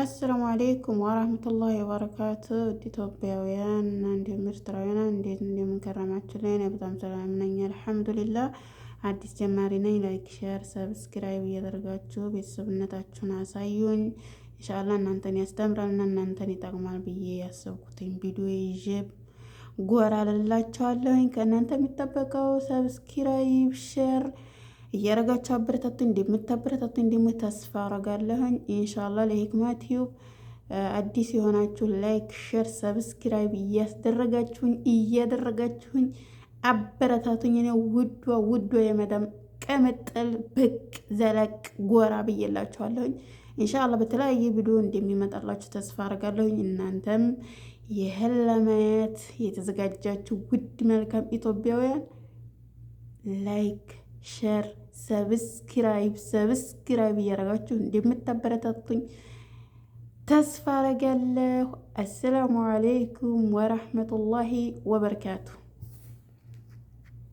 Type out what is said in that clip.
አሰላሙ አሌይኩም ወራህመቱላሂ ወበረካቱ ኢትዮጵያውያን እንዲሁም ኤርትራውያን እንዴት እንደምንከረማችሁ ላይ ነው። በጣም ሰላም ነኝ አልሐምዱሊላ። አዲስ ጀማሪ ነኝ። ላይክ፣ ሼር፣ ሰብስክራይብ እያደረጋችሁ ቤተሰብነታችሁን አሳዩኝ። እንሻላ እናንተን ያስተምራልና እናንተን ይጠቅማል ብዬ ያሰብኩትን ቪዲዮ ይዤ ጎራ ልላችኋለሁኝ። ከእናንተ የሚጠበቀው ሰብስክራይብ፣ ሼር እያረጋችሁ አበረታቱ እንደምታበረታቱ እንደምት ተስፋ አረጋለሁኝ። ኢንሻላ ለሂክማ ቲዩብ አዲስ የሆናችሁ ላይክ፣ ሼር፣ ሰብስክራይብ እያስደረጋችሁኝ እያደረጋችሁኝ አበረታቱኝ። እኔ ውዷ ውዷ የመዳም ቀመጠል ብቅ ዘለቅ ጎራ ብዬላችኋለሁኝ። እንሻላ በተለያየ ቪዲዮ እንደሚመጣላችሁ ተስፋ አረጋለሁኝ። እናንተም ይህን ለማየት የተዘጋጃችሁ ውድ መልካም ኢትዮጵያውያን ላይክ ሸር፣ ሰብስክራይብ ሰብስክራይብ እያደረጋችሁ እንደምታበረታቱኝ ተስፋ አረጋለሁ። አሰላሙ አለይኩም ወረህመቱላሂ ወበረካቱ።